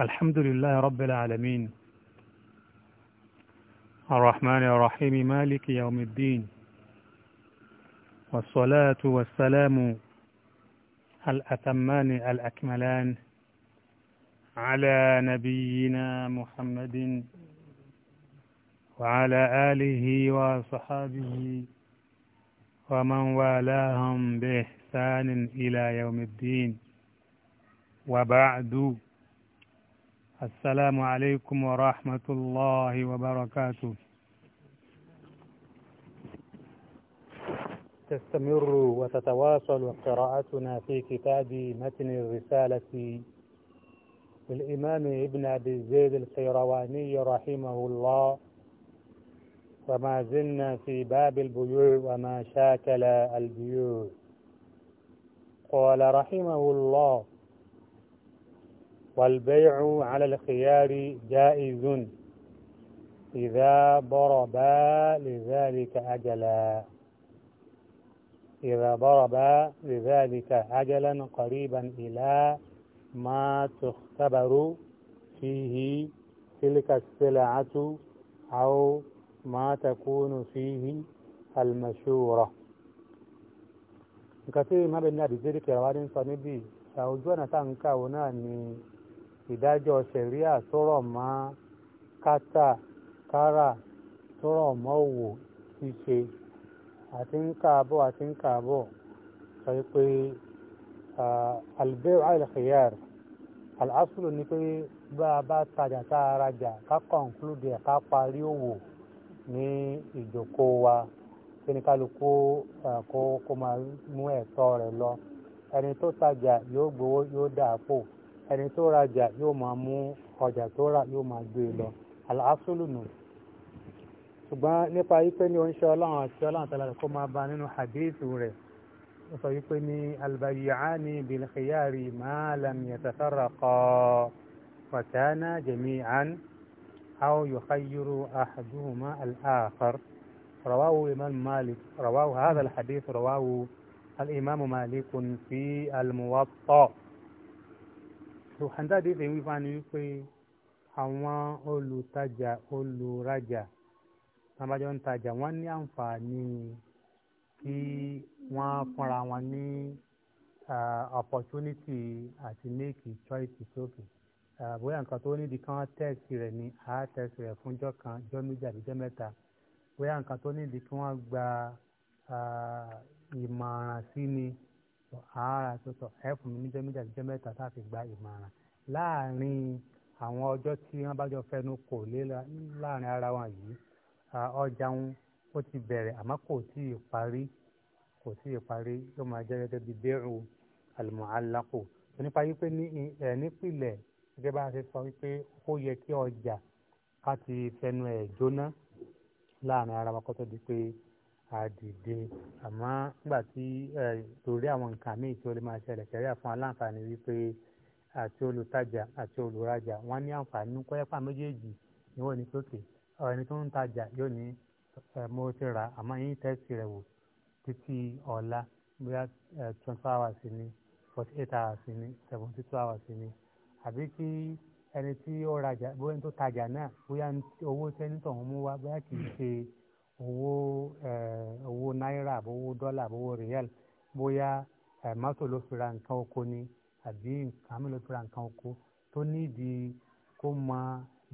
الحمد لله رب العالمين الرحمن الرحيم مالك يوم الدين والصلاة والسلام الأتمان الأكملان على نبينا محمد وعلى آله وصحابه ومن والاهم بإحسان إلى يوم الدين وبعد السلام عليكم ورحمة الله وبركاته تستمر وتتواصل قراءتنا في كتاب متن الرسالة للإمام ابن أبي زيد القيرواني رحمه الله وما زلنا في باب البيوع وما شاكل البيوع قال رحمه الله والبيع على الخيار جائز إذا ضربا لذلك أجلا إذا ضربا لذلك أجلا قريبا إلى ما تختبر فيه تلك السلعة أو ما تكون فيه المشورة كثير ما بين النبي ذلك رواد صنبي فأوجونا تانكا وناني ìdájọ́ sẹ̀ríà sọ̀rọ̀ mọ́ kátà kárà sọ̀rọ̀ mọ́ òwò ṣíṣe àti ń kààbọ̀ àti ń kààbọ̀ sọ pé albẹ́rù alkhiyar alásùlù ni pé bá a bá tajà tá a rajà ká kọ̀ǹkúlùdì ká parí òwò ní ìjókòó wa kí ni kálukú kó máa mú ẹ̀tọ́ rẹ̀ lọ ẹni tó tajà yóò gbowó yóò dà á pò ẹni tó rajà yóò máa mú ọjà tó rà yóò máa gbé e lọ aláṣọlù nù ṣùgbọ́n nípa wípé ní oníṣẹ́ ọlọ́run àti ọlọ́run tàlà kó máa ba nínú hadithu rẹ̀ ó sọ wípé ní albayyani bilkhiyari maalam yatafarraqa fakana jami'an aw yukhayyiru ahaduhuma al rawahu imam malik rawahu hadha al rawahu al-imam fi al so handadi fi wí fún ni wípé àwọn olùtajà olùrajà tàbájọ ń tajà wọn ní àǹfààní kí wọn fúnra wọn ní opportunity àti make choice sókè bóyá nǹkan tó nídìí kan tẹ́ẹ̀sì rẹ̀ ni a tẹ́ẹ̀sì rẹ̀ fúnjọ́ kan jọ́ méjì àbí jọ́ mẹ́ta bóyá nǹkan tó nídìí kí wọ́n gba ìmọ̀ràn sí ni sọ ara sọsọ ẹ fún mi níjọ́ méjì àtijọ́ mẹ́ta tá a fi gba ìmọ̀ràn láàrin àwọn ọjọ́ tí wọ́n bá jọ fẹnu kò lé láàrin ara wọn yìí ọjà wọn ó ti bẹ̀rẹ̀ àmọ́ kò tí ì parí kò tí ì parí yóò máa jẹ́ gẹ́gẹ́ bíi bẹ́ẹ̀rù àlùmọ́àlákò nípa wípé nípìnlẹ̀ gẹ́gẹ́ bá a ṣe sọ wípé ó yẹ kí ọjà ká ti fẹnu ẹ̀ jóná láàrin ara wa kó di pé àdìde àmọ́ nígbà tí torí àwọn nǹkan míì tí ó lè máa ṣẹlẹ̀ ṣẹlẹ̀ fún aláǹfààní wípé àti olùtajà àti olùrajà wọ́n ní àǹfààní kọ́yẹ́pà méjèèjì ni wọ́n ní sókè ẹni tó ń tajà yóò ní mo ti rà àmọ́ yín tẹ́sì rẹ̀ wò títí ọ̀la bóyá twenty four hours ni forty eight hours ni seventy two hours ni àbí kí ẹni tí ó rajà bóyá ẹni tó tajà náà bóyá owó tẹ́ni tó ń mú wá bóyá kì í ṣe owó owó náírà owó dọ́là owó rìẹ́l bóyá mọ́tò ló fi ra nǹkan oko ni àbí nǹkan mi ló fi ra nǹkan oko tó nídìí kó mọ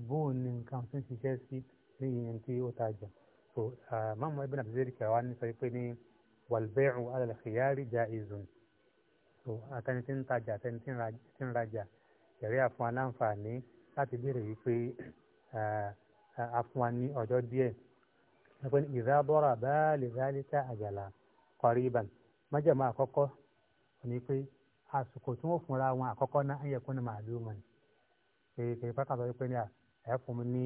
bóun ni nǹkan tó ń ṣiṣẹ́ sí ní ìyẹn tí ó tajà so mọ́mọ́ ibn abdulkadir kẹwà ní sọ pé ní wàlbẹ́rù alàlẹ́kìyárì jaizun so àtẹni tí ń tajà àtẹni tí ń rajà ẹ̀rí àfún aláǹfààní láti béèrè wípé àfún wa ní ọjọ́ díẹ̀ nípẹ́ni ìdábọ́ra báàlì zálíkà àjàlá kọ̀ríban májàmá àkọ́kọ́ ni pé àsìkò tí wọ́n fúnra wọn àkọ́kọ́ náà ń yẹ kó ní màálù mọ̀ ní kéèké pàkà sọ pé ní à ẹ fún mi ní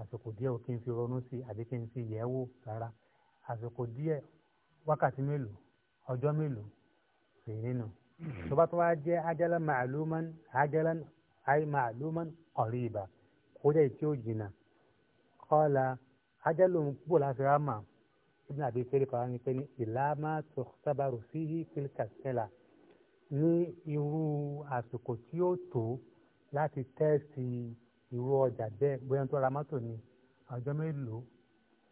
àsìkò díẹ̀ kí n fi ronú sí àbí kí n fi yẹ̀ wò rárá àsìkò díẹ̀ wákàtí mélòó ọjọ́ mélòó sì nínú tó bá tó wá ajala màálùmán ajala àì màálùmán kọ̀ríba kó jẹ́ tí ó jìnnà ajalun púpọ̀ láti ráàmà ibùdó àbí ìṣẹ́lẹ̀ kan ní pé ní ìlàmà tó sábàrò sí pílíkà sẹ́là ní irú àsìkò tí ó tó láti tẹ́sì irú ọjà bẹ́ẹ̀ bóyá tó ra mọ́tò ni ọjọ́ mélòó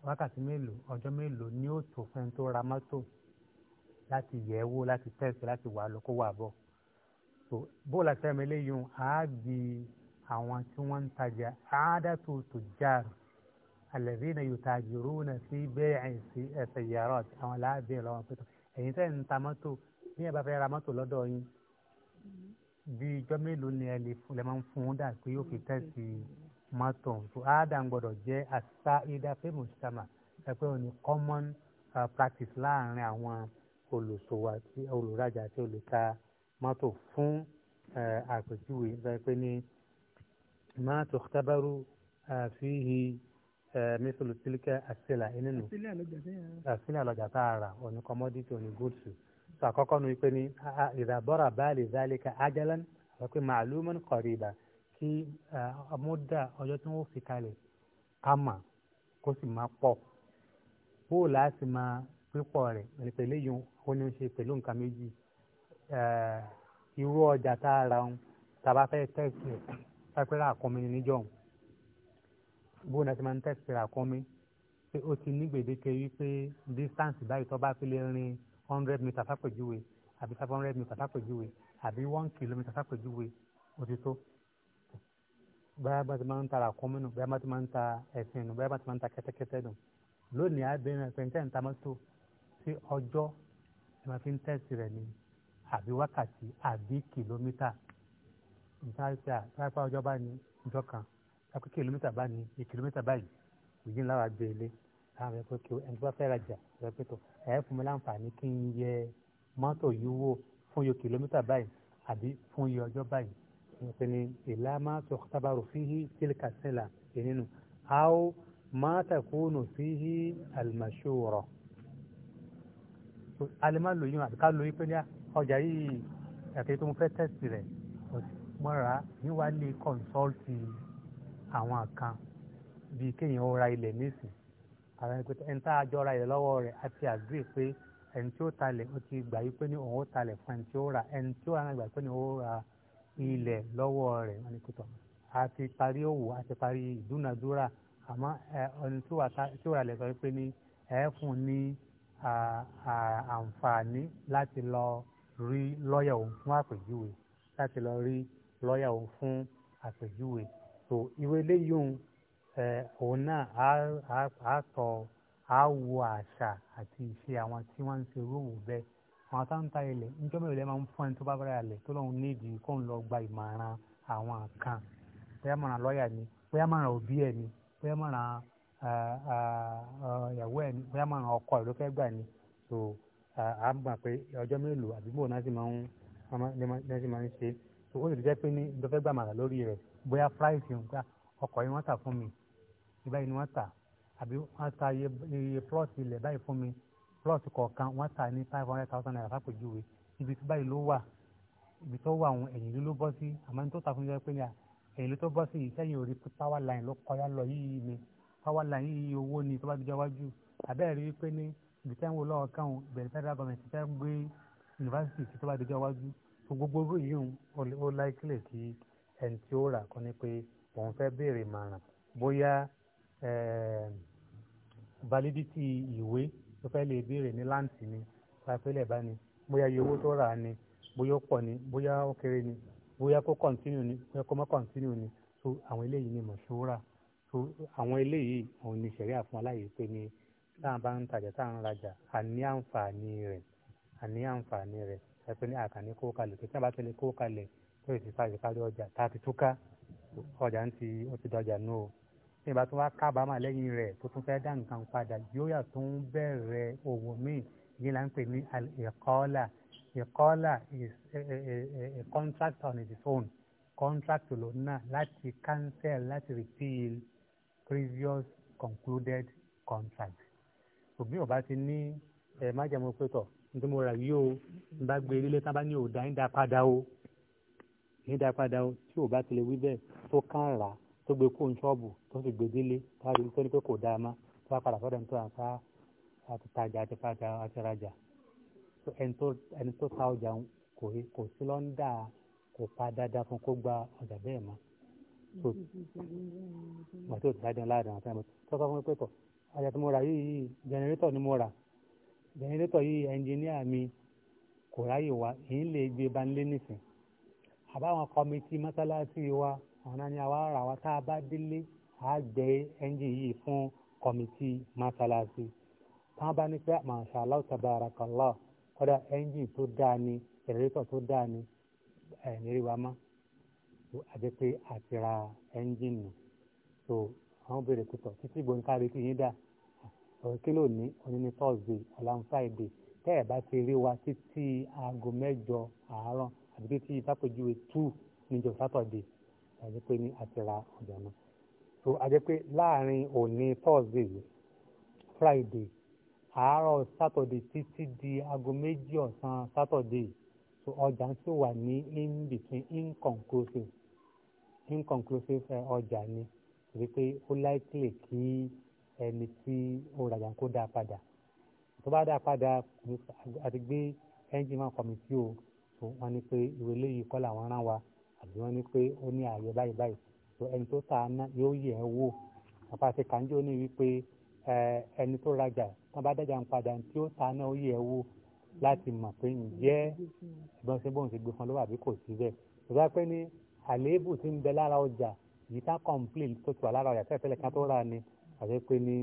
wákàtí mélòó ọjọ́ mélòó ni ó tó fẹ́ tó ra mọ́tò láti yẹ̀ wò láti tẹ́sì láti wà lọ wà bọ̀ so bó la sẹ́mi eléyìí á bi àwọn tí wọ́n ń tajà àádá tó tó jáàrù alẹ́bínà yòtàjìrú na sí bẹ́ẹ̀ àìsí ẹ̀sẹ̀ yàrá àwọn aláàbẹ̀ lọ́wọ́ pẹ̀tọ́ ẹ̀yin tẹ́ ń ta mọ́tò bí ẹ bá fẹ́ ra mọ́tò lọ́dọ̀ yín bí ijọ́ mélòó ni ẹ lè máa ń fún un dà pé yóò fi tẹ̀sí mọ́tò tó áádà gbọ́dọ̀ jẹ́ àṣà ìdá fíìmù common uh, practice láàrin àwọn olùṣòwò àti olùrajà àti olùta mọ́tò fún àpèjúwe ẹ pé ní má tó tábàrú fíhì mísòlù sílíkẹ àṣìlà nínú àṣìlà lọjà ara, a rà òní kọmọdítì òní gúúsù tó àkọ́kọ́ nu pé ní ìdàbọ̀rà báàlì zálíkà ájálán àti màálùmọ́n kọ̀rìbà kí ọmọdà ọjọ́ tí wọ́n fi kalẹ̀ kama kó sì máa pọ̀ bóò láti máa pípọ̀ rẹ̀ pẹ̀lú yìí ó ní ṣe pẹ̀lú nǹkan méjì irú ọjà tá a ra ohun tàbá fẹ́ tẹ̀sí ẹ̀ pẹ́pẹ́rẹ́ àkọ́mi níjọ́ ohun bó na ti máa ń tẹ̀sí ràkúnmí pé ó ti ní gbèdéke wípé distance báyìí tó bá fi lè rin hundred metre sápèjúwe àbí five hundred metre sápèjúwe àbí one kilometer sápèjúwe ó ti tó báyà bá ti máa ń ta ràkúnmí nù báyà bá ti máa ń ta ẹ̀sìn nù báyà bá ti máa ń ta kẹ́tẹ́kẹ́tẹ́ nù lónìí abẹ́rẹ́ pẹ̀ntẹ́ ń ta mọ́tò sí ọjọ́ ẹ máa fi ń tẹ̀sí rẹ̀ ni àbí wákàtí àbí kìlómítà nǹkan àti àpá ọjọ́ bá ní ọjọ́ kan kápẹ́ kìlómítà bá ní ní kìlómítà báyìí òjì ńlá wa gbé ilé láwọn ẹgbẹ́ pé ẹni tó bá fẹ́ rajà ẹgbẹ́ pé tó ẹ fún mi láǹfààní kí n yẹ mọ́tò yìí wò fún yọ kìlómítà báyìí àbí fún yọ ọjọ́ báyìí wọ́n pe ni ìlà máa tó tábàrò fíhí tílíkà sílà ìnínú àó máa tẹ̀kúnù fíhí àlùmọ̀ṣòrọ̀ alẹ́má lóyún àti ká lóyún pé ní ah, ọjà yìí ẹ̀kẹ́ tó ń fẹ́ tẹ̀sì rẹ̀ mọ́ra níwájú kọ́ńsọ́ọ̀tì àwọn kan bíi kéèyàn ó ra ilẹ̀ nísìn àwọn ẹni pé ẹni tá a jọ ra ilẹ̀ lọ́wọ́ rẹ̀ àti àgbè pé ẹni tí ó talẹ̀ ó ti gbà yí pé ní òun ó talẹ̀ fún ẹni tí ó ra ẹni tí ó ra gbà pé ní ó ra ilẹ̀ lọ́wọ́ rẹ̀ wọn ni kò a ti parí òwò a ti parí ìdúnadúrà àmọ́ ẹni tí ó ra ilẹ̀ sọ pé ní ẹ fún ní àǹfààní láti lọ rí lọ́ọ̀yà òun fún àpèjúwe láti lọ rí lọ́ọ̀yà òun fún àpèjúwe so irú eléyìí òun òun náà á sọ á wo àṣà àti ìṣe àwọn tí wọ́n ń ṣe irú òun bẹ́ẹ̀ àwọn tá ń ta ilẹ̀ níjọ́ mẹ́rin lẹ́ máa ń fún ẹni tó bá bára ilẹ̀ tó lóun nídìí kó ń lọ gba ìmọ̀ràn àwọn kan bóyá mọ̀ràn lọ́ọ̀yà ni bóyá mọ̀ràn òbí ẹ̀ ni bóyá mọ̀ràn ìyàwó ẹ̀ ni bóyá mọ̀ràn ọkọ ẹ̀ ló fẹ́ gbà ni so à ń gbà pé ọjọ́ mélòó àbí bò náà sì máa ń ṣe é so ó lè jẹ́ pé ní ìdọ́fẹ́ gbà màrà lórí rẹ̀ bóyá price ń gbà ọkọ̀ yìí wọ́n tà fún mi ìbáyìí ni wọ́n tà àbí wọ́n ta iye plot ilẹ̀ báyìí fún mi plot kọ̀ọ̀kan wọ́n tà ní five hundred thousand naira fàpèjúwe ibi tí báyìí ló wà ibi tó wà àwọn ẹ̀yìn ló bọ́ sí àmọ́ ní tó ta fún mi jẹ́ pé ní ẹ̀yìn ló tó bọ́ sí yìí sẹ́yìn orí power line ló kọjá lọ yìí ni power line yìí owó ni tó bá ti wájú àbẹ́ẹ̀ rí pé ní ibi tẹ́ ń wo lọ́wọ́ káwọn ìbẹ̀rẹ̀ federal government gbogbo irú yìí ó láìkílẹ̀ kí ẹni tí ó rà kọ́ ni pé òun fẹ́ béèrè màrán bóyá eh, validity ìwé tó fẹ́ lè béèrè ní láǹtì ni pàpẹ́lẹ̀ bá ni bóyá iye owó tó rà á ni bóyá ó pọ̀ ni bóyá ó kéré ni bóyá kó kọ̀ntínú ni bóyá kó má kọ̀ntínú ni so àwọn eléyìí ni mọ̀ṣúra so àwọn eléyìí òun ni ṣẹ̀ríà fún aláyè pé ni tá à ń bá ń tajà tá à ń rajà àní àǹfààní rẹ̀ àní àǹfààní rẹ̀ ẹ̀pẹ́ ní àkànní kó kalẹ̀ tó sábà tẹ̀lé kó kalẹ̀ tó sì fa ìparí ọjà tá a ti túká ọjà ń ti ó ti dọjà nù o ní ìbá tó wá kábàámà lẹ́yìn rẹ̀ tó tún fẹ́ dá nǹkan padà yóò tó ń bẹ̀rẹ̀ òwò míì yìí là ń pè ní ìkọ́là ìkọ́là is a, a, a, contract on its own contract ló ná láti cancel láti repeal previous concluded contract òbí ò bá ti ní ẹ̀ májàmú pé tọ̀ nítorí mo rà yìí o n bá gbé ilé tán bá ní òòdà ń dá padà o ń dá padà o tí ò bá tilẹ̀ wí bẹ́ẹ̀ tó kàn rà tó gbé kóun ṣọ́ọ̀bù tó sì gbé délé káàdì tó ní pé kò dáa má tó bá padà sọ́dọ̀ ní tó àǹfà àti tajà àti pàtà àti rajà ẹni tó ta ọjà kò sí lọ́ńdà kò pa dáadáa fún kó gba ọjà bẹ́ẹ̀ mọ́ so màtí ò ti dáadáa láàrin àwọn tó ń bọ̀ tó sọ fún mi pé tọ̀ ọjà tí mo rà yìí jẹnẹrétọ̀ ni mo rà jẹnẹrétọ̀ yìí ẹnjìníà mi kò ráyè wá èyí lè gbé banlé nìsín àbáwọn kọmitì mọ́sálásí wa ọ̀nà ni àwa ara wa tá a bá délé a gbé ẹnjìn yìí fún kọmitì mọ́sálásí táwọn bá ní pé mashallah tabarakallah kọ́dà ẹnjìn tó dáa ni jẹnẹrétọ̀ tó dáa ni ẹ̀ẹ́nìrí wa mọ́ àti pé àti ra ẹnjìn nù so àwọn bèrè pẹ̀tọ̀ títí gbòǹkà retí yín dáa kí ló ní òní thursday ọ̀la ní friday tẹ́ ẹ̀ bá ti rí wa títí aago mẹ́jọ àárọ̀ àbí títí ìtàpéjúwe two níjọ saturday àti pé ní àtìrà ọjà náà so àjẹ́ pé láàrin òní thursday friday àárọ̀ saturday títí di aago méjì ọ̀sán saturday so ọjà ń sì wà ní in between inconclusive inconclusive ọjà ni torí pé ó likely kí ẹni tí ó rajà kó dáa padà tó bá dáa padà àti gbé ẹ́ńjìn máa kọ̀mìtì o wọ́n ní pé ìwé léyìí kọ́ làwọn rán wa àbí wọ́n ní pé ó ní ààyè báyìí báyìí tó ẹni tó tà á ná yóò yẹ̀ ẹ́ wò àpá àti kàńjọ́ ní wípé ẹni tó rajà wọn bá dájà ń padà tí ó ta náà ó yẹ ẹ wò láti mọ̀ pé ǹjẹ́ ìbọn ṣe bóun ṣe gbé fún lọ́wọ́ àbí kò sí bẹ́ẹ̀ ìgbà pé ní àléébù ti ń bẹ lára ọjà yìí tá kọ̀ǹpìlì tó ti wà lára ọjà tẹ́lẹ̀ tẹ́lẹ̀ tó rà ni àti pé ní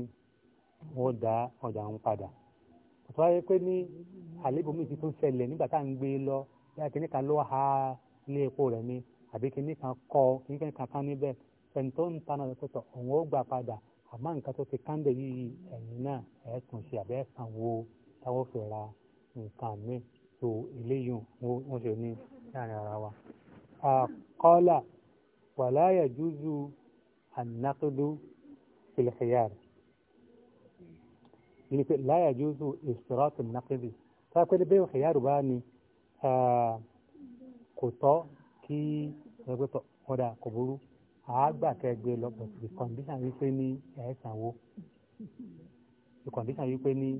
wọ́n dá ọjà ń padà ọ̀tọ́ wáyé pé ní àlébùmí ti tún ṣẹlẹ̀ nígbà tá à ń gbé lọ bí a kan ló ha ilé epo rẹ̀ ni àbí kìíní kan kọ́ kìíní kan kan níbẹ̀ ẹni tó ń tanà lọ́pọ̀ tọ̀ òun ó gbà padà àmọ́ nǹkan tó ti kándẹ̀ yìí ẹ̀yìn náà ẹ̀ tún ṣe àbẹ́ ẹ̀sán wo táwọn fẹ́ ra nǹkan mi tó eléyìí wọ́n ṣe ní láàrin ara wa. àkọ́là wàláyà jújù ànákúdú filkhiyar ní pé láyà jùzù ìṣòrọ́tù nàkìdì tó pé bẹ́ẹ̀ khiyar bá ní kò tọ́ kí ẹgbẹ́tọ̀ ọ̀dà kò burú àágbà kẹgbẹ́ lọ pẹ̀lú ìkọ̀ǹdíṣàn wípé ní ẹ̀ẹ́sànwó ìkọ̀ǹdíṣàn wípé ní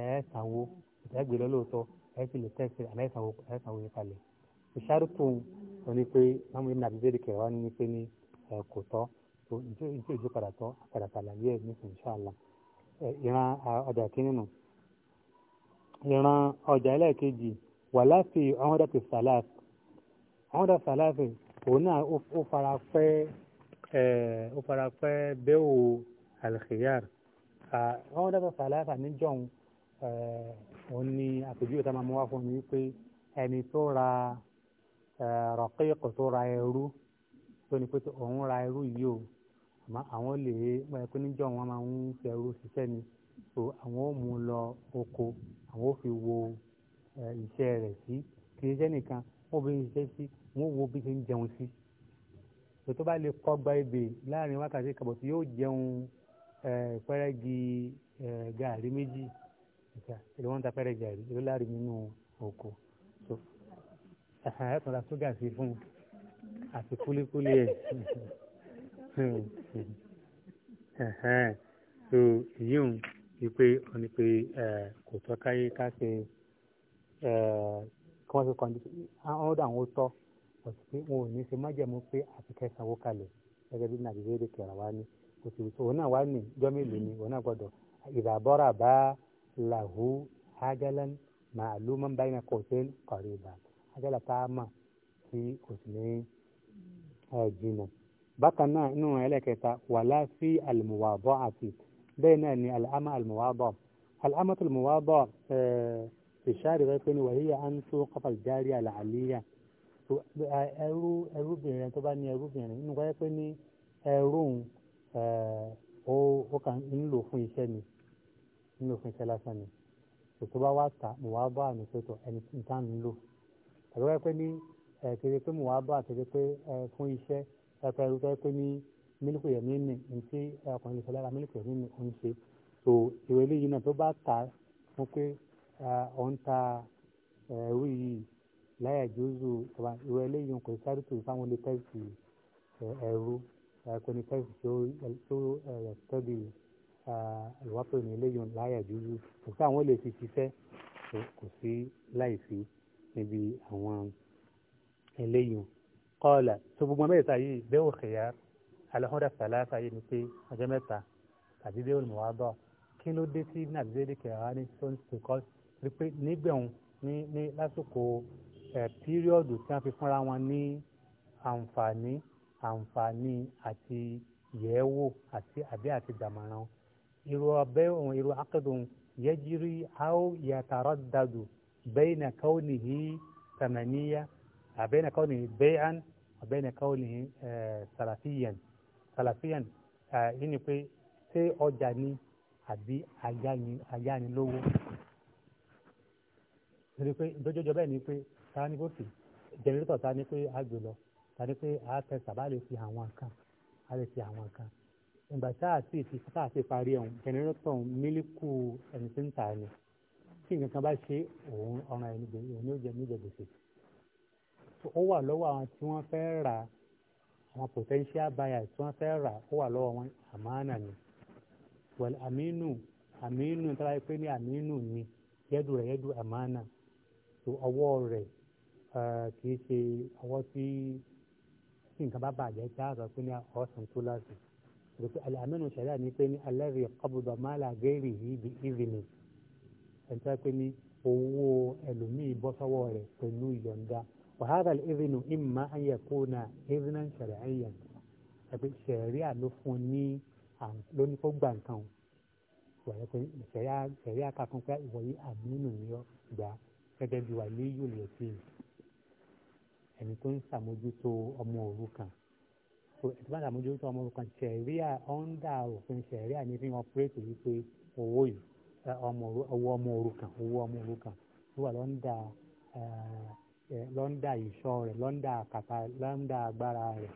ẹ̀ẹ́sànwó ìtẹ́gbẹ́ lọ́lọ́tọ̀ ẹ̀ẹ́sì lè tẹ́sí àmẹ́sànwó ẹ̀ẹ́sànwó yẹn kalẹ̀ ìṣàrùtù wọn ni pé máàmù ibùdó àbíbẹ́rẹ́ kẹwàá ni pé ní ẹ̀kọ́ tọ́ tó ìjọ ìjọ ìjọ padà tọ́ padà sàlàyé ẹ̀ nísìnyí ṣáàlà ìran ọjà kínní nù ìran ọjà ẹlẹ́ẹ̀kejì wà láti àwọn ọjà ti sàlàsì àwọn ọjà sàlàsì òun náà ó fara pẹ́ ó fara pẹ́ bẹ́ẹ̀ o alkhiyar àwọn ọjà ti sàlàsì níjọ́un òun ni àpèjúwe tá a máa mú wá fún mi wípé ẹni ra rọ̀kíkù tó ra ẹrú tó ní pé òun ra ẹrú yìí o àmọ́ àwọn lè wáyé pé níjọ́ wọn máa ń fẹ́ ru ṣiṣẹ́ ni so àwọn ò mú un lọ oko àwọn ò fi wo iṣẹ́ rẹ̀ sí kì í ṣẹ́ nìkan wọ́n fi ṣiṣẹ́ sí wọ́n wo bí ṣe ń jẹun sí tó bá lè kọ́gba ebè láàrin wákàtí kan bọ̀tí yóò jẹun pẹ́rẹ́gì gàrí méjì ìlú wọn ta pẹ́rẹ́gì gàrí ìlú láàrin nínú oko so ẹ̀sán ẹ̀sán ra ṣúgà sí fún àti kúlíkúlí ẹ̀. Hmm so yíyún wípé wọ́n ní pé kò tọ́ káyé ká ṣe kí wọ́n ṣe kọ́ndíṣìn àwọn ọ̀dọ̀ àwọn tọ́ ọ̀sìn pé wọn ò ní ṣe májẹ̀mú pé àfikẹ́ sanwó kalẹ̀ gẹ́gẹ́ bí nàìjíríà èdè kẹrà wá ní oṣù tó òun náà wá ní ìjọ mélòó ni òun náà gbọ́dọ̀ ìdàbọ́ra bá làhú ájálán màálù máa ń bá iná kọ̀ọ̀tẹ́ kọ̀ọ̀rẹ́ ìbà ájálà tá a mọ̀ sí oṣù ní jìnnà bákan náà nínú ẹlẹ́kẹta wàlá fi àlùmùwàbọ̀ àti bẹ́ẹ̀ náà ni àlàmà àlùmùwàbọ̀ àlàmà tó àlùmùwàbọ̀ ìṣáàrí rẹ pé ni wàhíyà á ń tó kọ́fà járí àlàálíyà ẹrú ẹrúbìnrin tó bá ní ẹrúbìnrin nínú wáyé pé ní ẹrú ó kàn ń lò fún iṣẹ́ ni ń lò fún iṣẹ́ lásán ni tòtò bá wá ta mùwàbọ̀ àmì pẹ̀tọ̀ ẹni tí ń tán ń lò àbí wáyé pé ní kéré pé mùwàbọ̀ àtẹ̀lé pé fún iṣẹ́ tata irú tó pé ní mílíkù yẹmí ni ntí ọkùnrin lè fẹ́ lára mílíkù yẹmí ni ó ń ṣe so ìwé eléyìí náà tó bá ta fún pé ọ̀ ń ta ẹ̀rú yìí láyà jòzù ọba ìwé eléyìí kò sáré tó fáwọn olè tẹ́sì ẹ̀rú kò ní tẹ́sì tó tẹ́bi ìwápẹ̀ ní eléyìí láyà jòzù kò sí àwọn olè fi ṣiṣẹ́ kò sí láì sí níbi àwọn eléyìí kọ́ọ̀là tó gbogbo mẹ́ta yìí bẹ́ẹ̀ òkèèyà alahunda salasa yìí ni pé ọjọ́ mẹ́ta tàbí bẹ́ẹ̀ olùmọ̀wádọ́ kí ló dé tí nàìjíríà kẹwàá ní tó ń tòkọ́ rí pé nígbẹ̀hún ní ní lásìkò ẹ̀ píríọ̀dù tí wọ́n fi fúnra wọn ní àǹfààní àǹfààní àti yẹ̀ẹ́wò àti àbí àti dàmọ̀ràn irú ọbẹ̀ òun irú akẹ́dùn yẹ́jírí áó yàtàrọ́ dàdù bẹ́ẹ̀ nà káwọn nìyí tàmàníyà بين كونه بيعا وبين كونه سلفيا سلفيا yìí pé ṣé ọjà ni àbí ayánilówó torí pé dójójó bẹ́ẹ̀ ni pé ta ni bófì jẹnẹrétọ̀ ta ni pé a gbé lọ ta ni pé a tẹ sàbá lè fi àwọn nǹkan a lè fi àwọn nǹkan ìgbà tá a sì ti tá a sì parí ẹ̀hún jẹnẹrétọ̀ ni tí ó wà lọ́wọ́ àwọn tí wọ́n fẹ́ rà àwọn potential buyers tí wọ́n fẹ́ rà ó wà lọ́wọ́ wọn àmánà ni wọ́n àmínú àmínú tí wọ́n pè ní àmínú ni yẹ́dù rẹ̀ yẹ́dù àmánà tó ọwọ́ rẹ̀ kì í ṣe ọwọ́ tí tí nǹkan bá bàjẹ́ tí a sọ pé ní ọ̀sán tó láti rògbò àmínú ṣẹ̀dá ni pé ní alẹ́rìí ọ̀bùdọ̀ máàlà gẹ́rì yìí bí ìvìnì ẹ̀ ń tẹ́ pé ní owó ẹlòmíì bọ́ sọ́wọ́ rẹ̀ pẹ̀lú ìyọ̀ǹda. وهذا الإذن إما أن يكون إذنا شرعيا ẹgbẹ́ ṣẹ̀ríà ló fún ní lóní kó gbà nǹkan ṣẹ̀ríà kankan pé ya àmínú ni ó gbà gẹ́gẹ́ bí wàlẹ́ yóò lè fi ẹni tó ń ṣàmójútó ọmọ òrukàn tó ọmọ òrukàn ṣẹ̀ríà ọ̀ndà òfin ṣẹ̀ríà ní fi ọ̀pẹ́rẹ́tì yìí pé owó yìí ọmọ òrukàn owó ọmọ òrukàn wà lọ́ndà ẹ̀ẹ́. Eh, lọ́ndà ìṣọ́ rẹ̀ lọ́ndà àkàtà lọ́ndà agbára rẹ̀.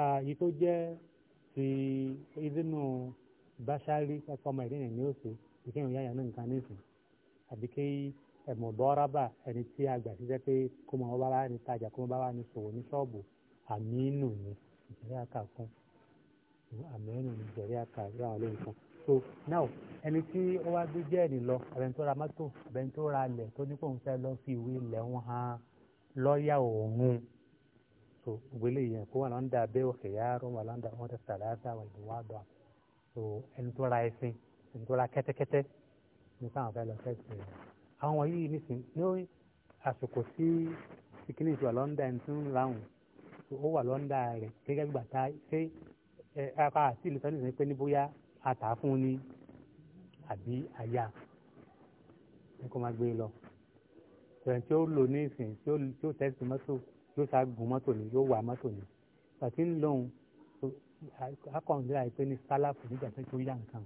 èyí tó jẹ́ ti ìdínú báṣárí ẹ̀kọ́ ọmọ ìdíyàn ní òsè ìkéyàn yáyà náà nǹkan nísìn àbí kí ẹ̀mọ̀ bọ́rábà ẹni tí a gbà síṣẹ́ pé kó mọ bá wà ní tajà kó mọ bá wà ní ṣòwò ní ṣọ́ọ̀bù àmínú ni ìjẹ́rí àkà fún àmínú ni ìjẹ́rí àkà àwọn olóyìn kan so now ẹni tí ó wá gbé jẹ́ẹ̀rì lọ abẹni tó ra mọ́tò abẹni tó ra ilẹ̀ tó ní kóun fẹ́ lọ fi ìwé ilẹ̀ wọn hàn lọ́ọ̀yà òun so gbélé yẹn kó wà lọ́ndà bẹ́ẹ̀ òkèèyà rún wà lọ́ndà wọn ti sàlàyà wà ìdùnnú so ẹni tó ra ẹṣin ẹni tó ra kẹ́tẹ́kẹ́tẹ́ ní káwọn fẹ́ lọ fẹ́sìn rẹ̀ àwọn wọ̀nyí nísìn ní àsìkò tí ìkíni ìtura lọ́ndà ẹni tó ń ráhùn ó wà lọ́ndà rẹ̀ gẹ́gẹ́ bí bàtà ṣé ẹ àtàfún ni àbí aya ní kó máa gbé e lọ ìrìn tí ó lò ní ìsìn tí ó tẹ́sí mọ́tò yóò sá gun mọ́tò ni yóò wà mọ́tò ni pàtí ń lòun akọ̀ǹdé àìpé ní sálàfù nígbà tó tó yá nǹkan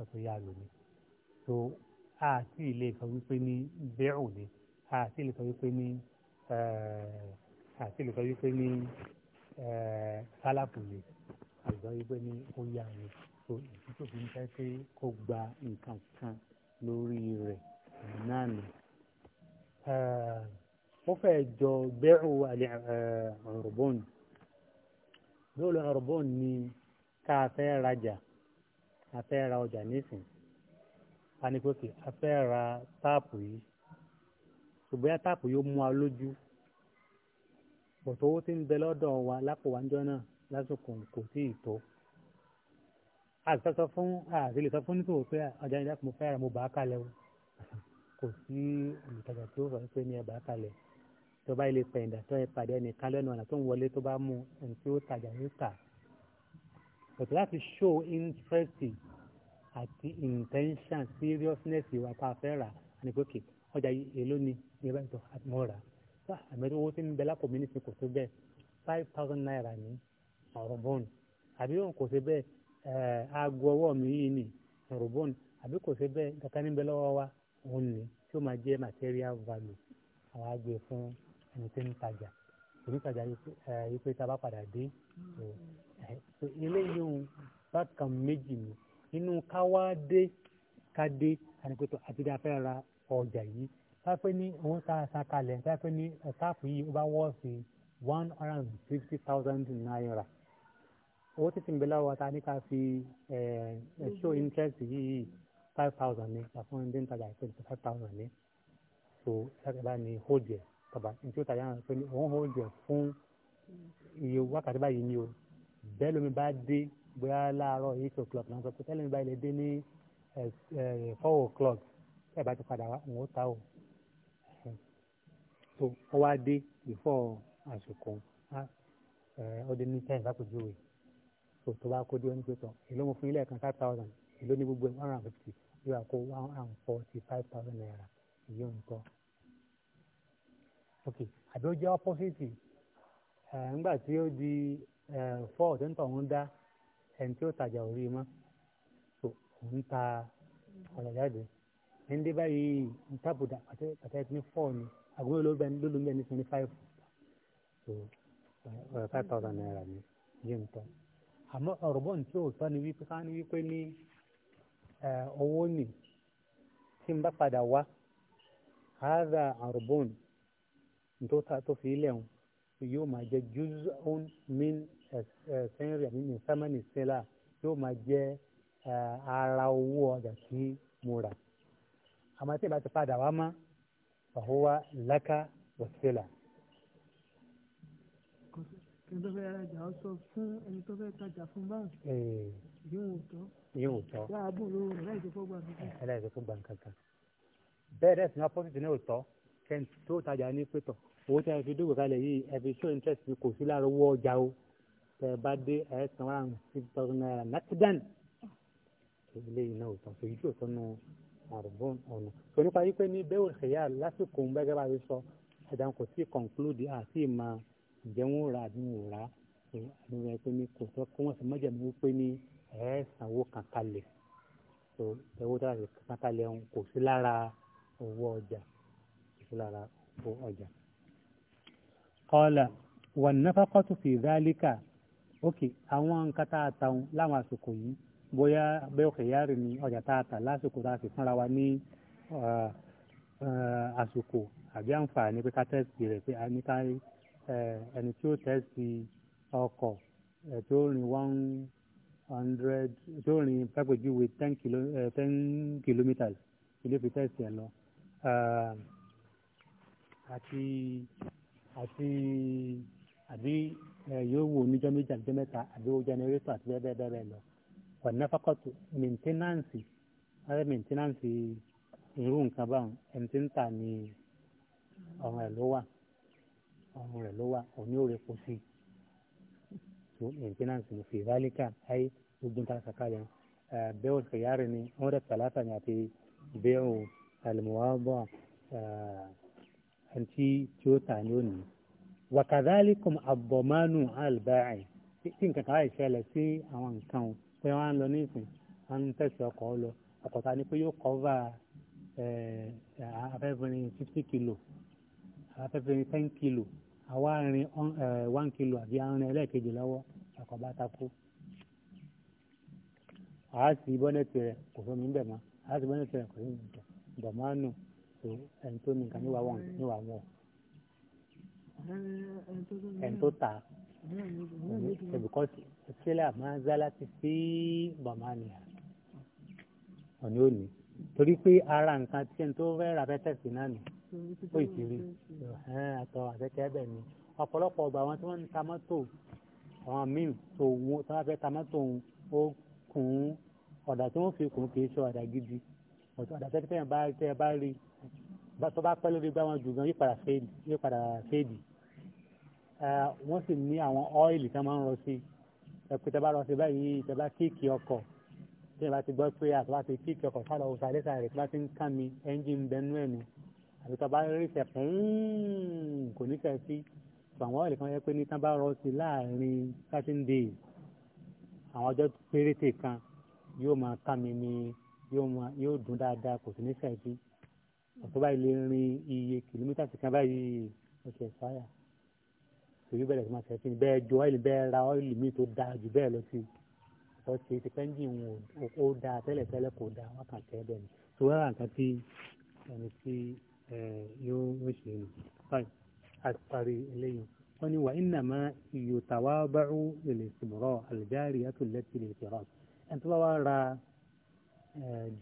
ọ̀tọ̀ yá lò ní so àti ilé ìfọ̀ wípé ní bẹ́ẹ̀rù ni àti ilé ìfọ̀ wípé ní àti ilé ìfọ̀ wípé ní sálàfù ni àgbáyébẹ́ ni ó yá ni so ìdí tó fi ń fẹ́ pé kó gba nǹkan kan lórí rẹ̀ náà ni. ó fẹ́ jọ bẹ́ẹ̀rù ọ̀rọ̀bọ̀n bẹ́ẹ̀rù ọ̀rọ̀bọ̀n ni ká fẹ́ rajà a fẹ́ ra ọjà nísìn a ní pé a fẹ́ ra táàpù yìí ṣùgbọ́n yá táàpù yóò mú wa lójú bọ̀tọ̀ owó tí ń bẹ lọ́dọ̀ wa lápò wájọ́ náà lásìkò kò tí ì tó àtúntò fún àtìlè sọ fún nítorí pé ọjà ìjà mo fẹ́ ra mo bá a kalẹ̀ o kò sí olùtajà tí ó sọ pé ní ẹ bá a kalẹ̀ tó bá ilé pẹ̀yìndà tó ẹ pàdé ẹnì kan lẹ́nu ọ̀nà tó ń wọlé tó bá mú ẹni tí ó tajà ní ta but láti show interest àti intention seriousness ìwà tá a fẹ́ rà á ní pé kì ọjà èlò ni ìyẹn bá ń tọ́ àmọ́ rà àmọ́ owó tí ń bẹ lápò mi nísìnyí kò tó bẹ́ẹ̀ five thousand naira ni ọ̀rọ̀bọ̀n àbí wọn kò ṣe bẹ́ẹ̀ ẹ̀ eh, aago ọwọ́ mi yìí ni ọ̀rọ̀bọ̀n àbí kò ṣe bẹ́ẹ̀ kankan níbẹ̀ lọ́wọ́ wa òun ni tí ó máa jẹ́ material value àwọn àgbẹ̀ e fún ẹni tí ń tajà èmi tajà yìí pé eh, tá a bá padà dé eh, eléyìí ohun bákan méjì ni inú ká wá dé ká dé àníkótó àti dá fẹ́ ra ọjà yìí sáfẹ́ ní owó tá a sàkalẹ̀ ní ẹ̀káàfù yìí ó bá wọ́ọ̀sì one hundred and fifty thousand naira owó títí ń bẹ lọ́wọ́ ta ní ká fi show mm-hmm. interest yìí five thousand ní àfún ẹni dínkàjà twenty five thousand ní so ṣàkàbà ní hold yẹ tọba ntí ó tàyà pé òun hold yẹ fún iye wákàtí báyìí ni o bẹ́ẹ̀ lómi bá dé bóyá láàárọ̀ eight o'clock náà sọ pé tẹ́lẹ̀ mi báyìí lè dé ní four o'clock ẹ̀ bá ti padà wá òun ó ta o so ó wá dé before àsìkò ó dé ní ten lápèjúwe so tó bá kó dé ó ní èló mo fún ilé ẹ̀kan five thousand èló ní gbogbo one hundred and fifty yóò kó one hundred and forty five thousand naira èyí ò ń tọ́ ok àbí ó jẹ́ opposite nígbà tí ó di four tó ń tọ̀ ń dá ẹni tí ó tajà ò mọ́ so òun ta ọ̀rọ̀ jáde ẹni dé báyìí ń tábùdà pàtẹ́ ní four ni àgbọn ló bẹ ló ń bẹ ní twenty five so five thousand naira ni yé ń tọ́ àmọ́ ọ̀rọ̀bọ̀n tí ò sọ ni wípé ká ní wípé ní owó nì tí n bá padà wá hádà ọ̀rọ̀bọ̀n tó ta tó fi ilẹ̀ hùn yóò máa jẹ juz'un min sẹ́ńrì àmì min sámánì sílá yóò máa jẹ ara owó ọjà tí mo rà àmọ́ tí ìbá ti padà wá mọ́ ọ̀húwá lákà wọ̀sílà ẹni tó fẹ́ rajà ó sọ fún ẹni tó fẹ́ tajà fún báńkì hmm. yóò tọ́ yóò tọ́ láàbù lówó rẹ̀ láì tó fọ́ gbà nǹkan eh, kan. láì tó fọ́ gbà nǹkan kan bẹ́ẹ̀ dẹ̀ sinmi apọ́sìtì náà tọ́ kẹ́ni tó tajà ní pẹ́tọ̀ owó tí a fi dúró kalẹ̀ yìí ẹ fi show kò sí láàárọ̀ owó ọjà o tẹ bá dé ẹ san one six thousand naira nàtìdán eléyìí náà tọ́ èyí tí ò sọnù àrùbọ̀n ọ̀nà tó nípa yìí pé ní bẹ́ẹ̀ òṣèyà lásìkò ń bẹ́ẹ̀ gẹ́gẹ́ bá ti sọ ẹ̀dá kò sí conclude àti ìmọ̀ ǹjẹ́ wọn ò rà àbí wọn ò rà pé àbí wọn pé ní kò sọ kó wọn sì mọ́jà mú pé ní ẹ̀ sanwó kankan lẹ̀ tó ẹ̀wọ́ tó láti kankan lẹ̀ ń kò sí lára owó ọjà kò sí lára owó ọjà. kọ́lá wọn náfàkọ́ tó fi dálíkà ókè àwọn nǹkan tá a ta wọn láwọn àsìkò yìí bóyá bẹ́ẹ̀ òkè yáàrì ni ọjà tá a tà lásìkò tá a sì fúnra wa ní àsìkò àbí àǹfààní pé ká tẹ̀sí rẹ̀ pé a ní ká ẹni tí ó tẹ̀sí ọkọ̀ tó rìn one hundred tó rìn pápẹ́júwe ten kilo ten kilometres ilé fi tẹ̀sí ẹ lọ àti àti àbí yóò wò níjọ́ méjì àbí mẹ́ta àbí owó jẹnẹrétọ̀ àti bẹ́ẹ̀ bẹ́ẹ̀ bẹ́ẹ̀ lọ ọ̀nà fakọ́tù mẹ́ńtẹ́nánsì ẹ̀rẹ́ mẹ́ńtẹ́nánsì irú nǹkan báwọn ẹni tí ń tà ní ọ̀ràn ẹ̀ ló wà ọrùn rẹ̀ ló wà òní ò rẹ̀ kó sí so maintenance ní fi válíkà ayé gbogbo nǹkan sàkàlẹ̀ bẹ́ẹ̀ òsè yára ni wọ́n rẹ̀ tàlátà ní àti bẹ́ẹ̀ ò àlùmọ́ọ́bọ̀ àti tí ó tà ní òní. wàkàdálìkùn àbọ̀mánù àlùbáàì tí nǹkan kan àìṣẹlẹ̀ sí àwọn nǹkan o pé wọ́n á lọ nísìn wọ́n ń tẹ̀sí ọkọ̀ lọ ọkọ̀ ta ni pé yóò kọ́va afẹ́fẹ́ ní fifty kilo afẹ́fẹ́ ní ten kilo àwa rin eh, one kilo àbí arin ẹlẹ́ẹ̀kejì lọ́wọ́ ẹ̀kọ́ bá takú àásì bọ́nẹ̀tì rẹ̀ kò sómi ńbẹ̀ mọ́ àásì bọ́nẹ̀tì rẹ̀ kò sómi ńbẹ̀ bọ̀ máa nù tó ẹni tó nìkan níwà wọ̀n níwà wọ̀n ẹni tó tà ẹ̀bùkọ́ sílẹ̀ máa ń zálá ti sí bọ̀mánìyà ọ̀ní òní torí pé ara nǹkan tí ẹni tó fẹ́ ra fẹ́ tẹ̀sí náà nìyí ó ì ti rí àtọ àtẹkẹ bẹ́ẹ̀ ni ọ̀pọ̀lọpọ̀ ọgbà àwọn tí wọ́n ń ta mọ́tò àwọn míì tó wọn tí wọ́n fẹ́ ta mọ́tò ó kùn ún ọ̀dà tí wọ́n fi kùn ún kì í ṣe ọ̀dà gidi ọ̀dà tẹ́tí tẹ́yìn bá tẹ́ ẹ bá rí tó bá pẹ́ lórí bá wọn jù gan yóò padà fèdì yóò padà fèdì wọ́n sì ní àwọn ọ́ìlì tí wọ́n máa ń rọ sí ẹ̀pẹ́ tẹ́ bá rọ sí báyìí tẹ́ bá kíìkì ọkọ̀ tí wọ́n bá ti gbọ́ pé àtúbà ti kíìkì ọkọ̀ fáwọn òṣàlẹ́sà rẹ̀ tí wọ́n ti ń kàn mí ẹ́ńjìn bẹ́ẹ̀ nú ẹ̀ nù àbí tó bá rí fẹ̀ hmm, kò ní fẹ́ sí àwọn ọ̀lẹ́ kan yẹ pé ní tán bá rọ sí láàrin thirteen days àwọn ọjọ́ péréte kan yóò máa ká mi ní yóò dún dáadáa kò sí ní fẹ́ sí ọ̀tọ́ báyìí lè rin iye kìlómítà sí kan báyìí ọ̀sẹ̀ sáyà èyí bẹ̀rẹ̀ sí máa ṣẹ́fín bẹ́ẹ̀ ju ọ́ìlì bẹ́ẹ̀ ra ọ́ìlì míì tó dáa jù bẹ́ẹ̀ lọ sí ọ̀ ṣe ti pẹ́ńjì wọn ó dáa tẹ́lẹ̀tẹ́lẹ̀ kò dáa wọ́n kàn tẹ́ bẹ́ẹ̀ ni tó wẹ́rà nǹkan tí ẹni tí yóò wíṣẹ nù fáì àtàrí eléyìí wọn ni wà ìnàmá ìyòtàwá báwù ilẹ̀ ìsìmọ̀rọ̀ àlùjáàrí àtúlẹ̀tì ilẹ̀ ìsìmọ̀rọ̀ ẹni tó bá wá ra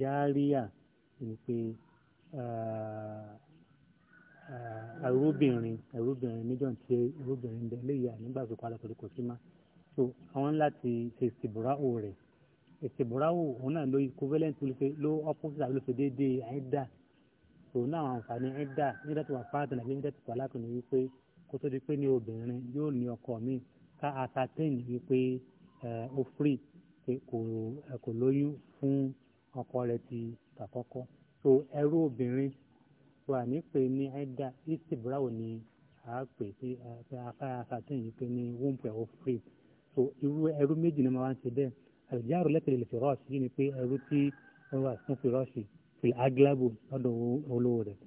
járíà ni pé arúbìnrin arúbìnrin níjọ́ tí arúbìnrin bẹ léyìí ànígbà tó kọ́lá torí kò sí má so àwọn láti ṣe ìsìbúráwò rẹ̀ ìsìbúráwò òun náà ló equivalent ló ṣe ló àbí ló ṣe déédéé àìdá tòun náà àwọn àǹfààní ẹ̀dá nígbà tó wà fáàtì nàbí nígbà tó pàlákù ní wípé kó tó di pé ní obìnrin yóò ní ọkọ míì ká ascertain wípé ó kò lóyún fún ọkọ rẹ̀ ti tàkọ́kọ́ so ẹrú obìnrin wà ní pé ní ẹ̀dá istibráwò ni a pè sí ascertain yìí pé ní womb ẹ̀ so irú ẹrú méjì ni wọ́n máa ń ṣe bẹ́ẹ̀ àlùjáàrú lẹ́tẹ̀lẹ̀ fìrọ́ọ̀ṣì yìí ni pé ẹrú tí wọ́n wà fún fìrọ́ọ̀ṣì fi aglabu lọ́dọ̀ olówó rẹ̀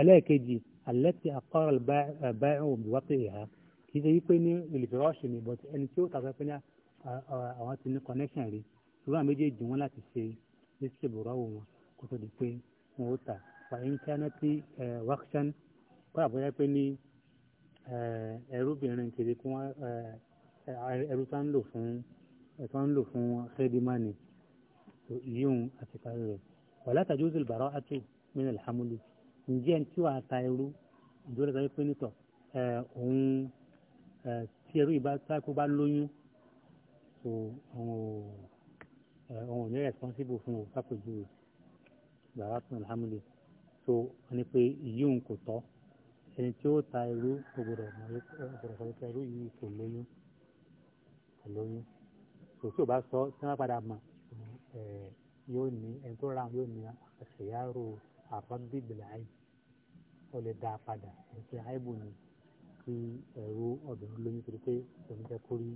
ẹlẹ́ẹ̀kejì alẹ́tì akọ́rọ̀ báyìí òbí wákè ìhà kì í ṣe wípé ní olùfẹ́rọ́ọ̀ṣì ni but ẹni tí ó tàbí pé ní àwọn ti ní connection rí ìwé àwọn méjèèjì wọn láti ṣe ṣíṣe ìbúrọ́wò wọn kó tó di pé wọn ó tà wà íńtánẹ́ẹ̀tì wákṣán kọ́ra bóyá pé ní ẹrúbìnrin kiri kí wọ́n ẹrú tó ń lò fún ẹ̀tọ́ ń lò fún ṣẹ́dímánì yíyún àti kárí rẹ̀ wàlá tàjúzù bàrọ̀ àtò nínú ìhàmúlò ǹjẹ́ ẹni tí wàá ta irú ìdúró sọ pé nítọ̀ òun tí irú ìbátákó bá lóyún so òun ò ní responsible fún òun fàpèjúwe bàrọ̀ àtò ìhàmúlò so wọ́n ní pé ìyíhùn kò tọ́ ẹni tí ó ta irú kò gbọdọ̀ sọ pé irú yìí kò lóyún kò lóyún kò tí ò bá sọ tí wọ́n padà mọ̀ ẹ̀ẹ́ yóò ní ẹni tó ra yóò ní àṣeyárò àfọ́gbìgbìláì ó lè dá a padà ẹ̀sìn àìbù ni kí ẹ̀rú ọ̀bìnrin lóyún torí pé òun jẹ́ kó rí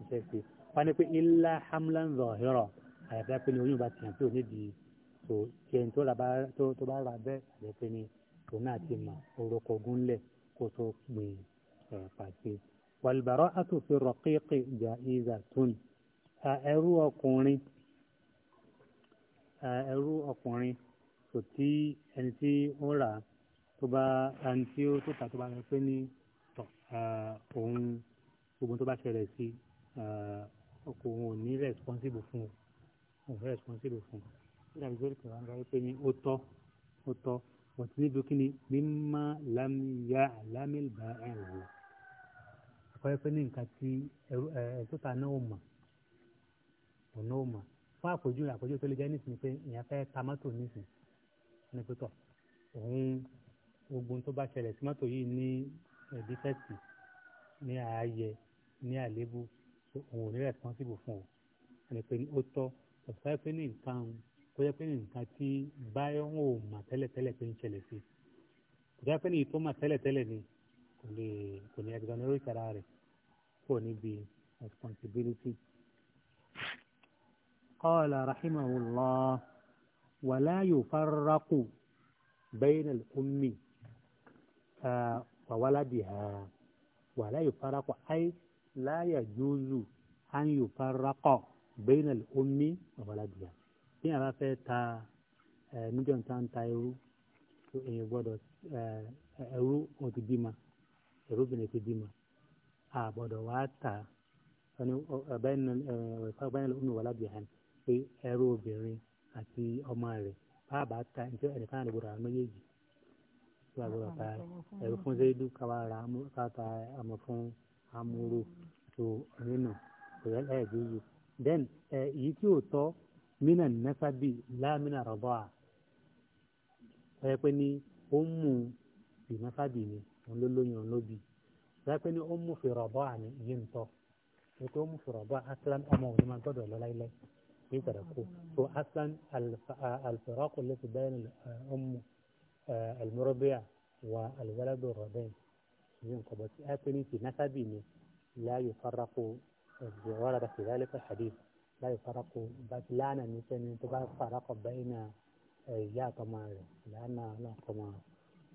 iṣẹ́ ṣe. wọ́n ní pé ilá hamlin zọ̀hírọ̀ àyàfẹ́ pé ní oyún bá tìyàn pé òní di so kí ẹni tó bá ra bẹ́ẹ̀ àyàfẹ́ ni òun náà ti mọ̀ orúkọ gúnlẹ̀ kó tó gbìn ẹ̀ pàṣẹ. wàlùbárọ̀ àtòfin rọ̀kíkì jà ìzà tún ẹ̀rú ọkùnrin ẹrú ọkùnrin kò tí ẹni tí ó rà tó bá ẹni tí ó tó ta tó bá rẹ pé ní tọ̀ òun gbogbo tó bá ṣẹlẹ̀ sí ọkọ̀ òun ò ní responsible fún o òun fẹ́ responsible fún o nígbà tí gbẹ́rù kẹwàá ń rárí pé ní ó tọ́ ó tọ́ wọ́n ti níbi kí ni mímá lámìyá lámìlbà ẹ̀rọ ọkọ̀ ẹ̀fẹ́ ní nǹkan tí ẹ̀rọ ẹ̀ tó ta náà ò mà ò náà ò mà fún àpèjúwe àpèjúwe tó lè jẹ́ nísìnyí pé èèyàn fẹ́ ta mọ́tò nísìnyí ní pẹ́tọ̀ òun gbogbo tó bá ṣẹlẹ̀ sí mọ́tò yìí ní ẹ̀dífẹ́tì ní ààyè ní àléébù òun ò ní rẹ̀sponsible fún o ẹni pé ó tọ́ ọ̀sán pé ní nǹkan kó jẹ́ pé ní nǹkan tí báyọ̀ ń ò mà tẹ́lẹ̀tẹ́lẹ̀ pé ń ṣẹlẹ̀ sí kò jẹ́ pé ní ìtọ́ mà tẹ́lẹ̀tẹ́lẹ̀ ni kò lè kò ní exonerate ara rẹ̀ kò níbi responsibility. قال رحمه الله ولا يفرق بين الأم وولدها ولا يفرق أي لا يجوز أن يفرق بين الأم وولدها bí a bá fẹ́ ta níjọ́ nǹkan ta irú èèyàn gbọ́dọ̀ ẹrú wọn ti bímọ ẹrúbìnrin ti bímọ a gbọ́dọ̀ wá ta bẹ́ẹ̀ ni ọ̀sán bẹ́ẹ̀ ni omi wà lábẹ́ hàn pé ẹrú obìnrin àti ọmọ rẹ̀ báàbá ta ǹjẹ́ ẹnìkan àdìgbò rà méjèèjì tí wàá gbọ́dọ̀ ta ẹrú fún zaidu káwá ra káta àmọ́ fún amúrò tó rìnà òyà yìí then èyí tí ò tọ́ mínà nasabi láàmínà rọ̀bọ̀ à ẹ pé ní ó ń mú bí ni òun ló lóyún òun ló pé ní ó ń mú fi rọ̀bọ̀ à ní ìyẹn ń ètò ó ń mú fi يتركوه آه. هو أصلا آه، الفراق الذي بين الأم آه، المرضع والولد الرضيع من آتني في نسبه لا يفرق ورد في ذلك الحديث لا يفرق بس لا مثل تبقى فرق بين يا كما لأن لا كما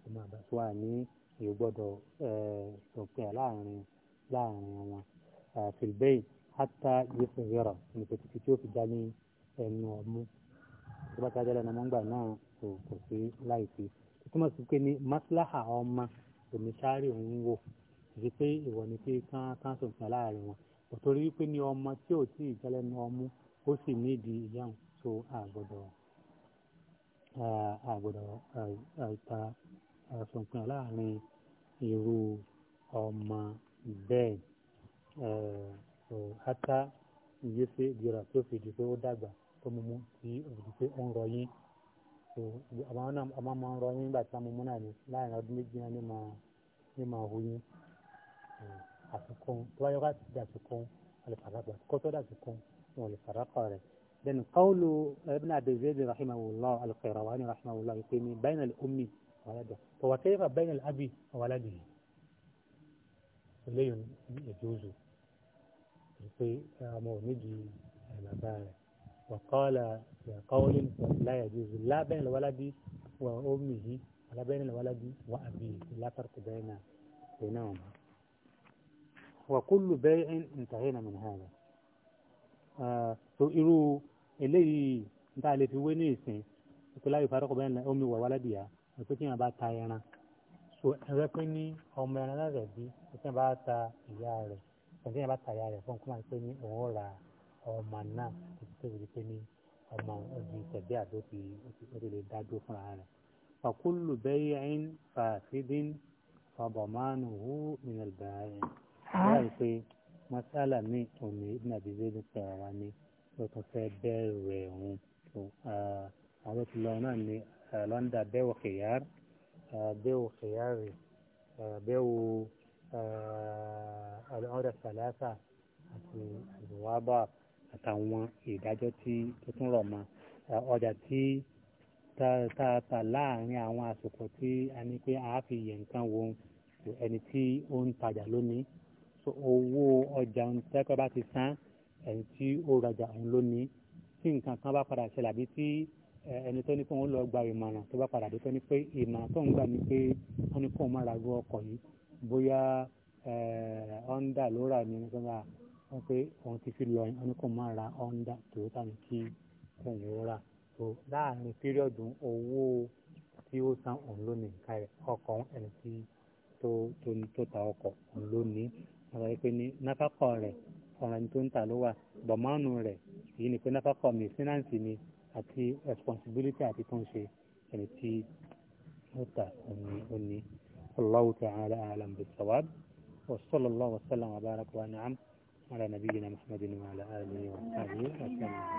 كما بسواني يبدو سوكي لا يعني لا يعني في البيت Hata yẹsùn yọrọ ni pẹtùkì tí ó fi Kwa ní ẹnu ọmú tó bá tajà lẹ́nu ọmọngbà náà kò kò sí láìsí túmọ̀ sí pé ní maslaha ọmọ oníṣàárì òun wò àti pé ìwọ ni pé kán kán sùn fún láàrin wọn òtórí wípé ní ọmọ tí ò tí ì já lẹ́nu ọmú ó sì so hata iye pé ìdíra tó fi di pé ó dàgbà tó mú mú tí òbí pé ó ń rọ yín so àwọn náà àwọn máa ń rọ yín nígbà tí wọ́n mú mú náà ní láàrin ọdún méjì náà ní máa ní máa hu yín àfikún tó bá yọ ká dàfikún wọ́n lè farakọ kó tó dàfikún wọ́n lè farakọ rẹ̀. then qawlu ibn abi zayd rahimahullah al-qayrawani rahimahullah yìí pé ní bayna al-ummi waladihi fa wa kayfa bayna al-abi waladihi eléyìí pé ọmọ ò nídìí bàbá rẹ̀ wàkọ́ọ̀là ìyàkọ́wọ́lé láyàjú lábẹ́ni lọ́wọ́lábí wà ómì yìí lábẹ́ni lọ́wọ́lábí wà àbí látàkù bẹ́ẹ̀ náà bẹ́ẹ̀ náà wọ́n. wàkúlù bẹ́ẹ̀ ń ntàhẹ́ nà mìíràn rẹ̀ tó irú eléyìí níta lè fi wé ní ìsìn ìpínlẹ̀ ayò farakọ̀ bẹ́ẹ̀ náà ómì wà wọ́lábí yá ìpín tí wọn bá ta ẹran ẹ̀rẹ́ pé ní ọmọ ẹran náà rẹ̀ bí ìpín bá ta ìyá rẹ̀ tọ́jú yẹn bá tàyà rẹ̀ fún kúmọ̀ pé ní òun ra ọmọ náà títí tó fi pé ní ọmọ ọdún tẹ̀bí àdó fi ó ti lè dá dúró fúnra rẹ̀. فكل بيع فاسد فضمانه من البائع láì pé masala mi omi ibn abi zayd sọ̀rọ̀ wa ni ó tún fẹ́ bẹ́ẹ̀ rẹ̀ òun àwọn tó lọ náà ni lọ́ndà bẹ́ẹ̀ wò kìyàr bẹ́ẹ̀ wò kìyàr bẹ́ẹ̀ wò al-umda thalatha àti al-muwada àtàwọn ìdájọ́ tí tó tún rọ̀ mọ́ uh, ọjà tí tààtà láàrin àwọn àsopọ̀ tí a ní pé a fi yẹ nǹkan wo ẹni tí ó ń tajà lónìí so owó ọjà tẹ́kọ̀ọ́ bá ti san ẹni tí ó rajà òun lónìí tí nǹkan kan bá padà ṣẹlẹ̀ àbí tí ẹni tó ní kó ń lọ gba ìmọ̀ràn tó bá padà dé tó ní pé ìmọ̀ràn tó ń gbà ní pé wọ́n ní kó ń má ra ru ọkọ̀ yìí bóyá ọ́ndà eh, ló rà ní ọdún náà wọ́n pé òun ti fi lọ ọ́n kò máa ra ọ́ndà tòótà ní kí òun ó rà tó láàrin píríọ̀dù owó tí ó san òun ló ní rẹ̀ ọkọ̀ ẹni tí tó tó tó ta ọkọ̀ òun ló ọ̀rọ̀ yìí pé ní náfàkọ̀ rẹ̀ ọ̀ràn tó ń tà ló wà bọ̀mánù rẹ̀ èyí ni pé náfàkọ̀ mi fínáǹsì mi àti responsibility àti tó ń ṣe ẹni tí ó tà òun ní ó ní. والله تعالى أعلم بالصواب وصلى الله وسلم وبارك وأنعم على نبينا محمد وعلى آله وصحبه وسلم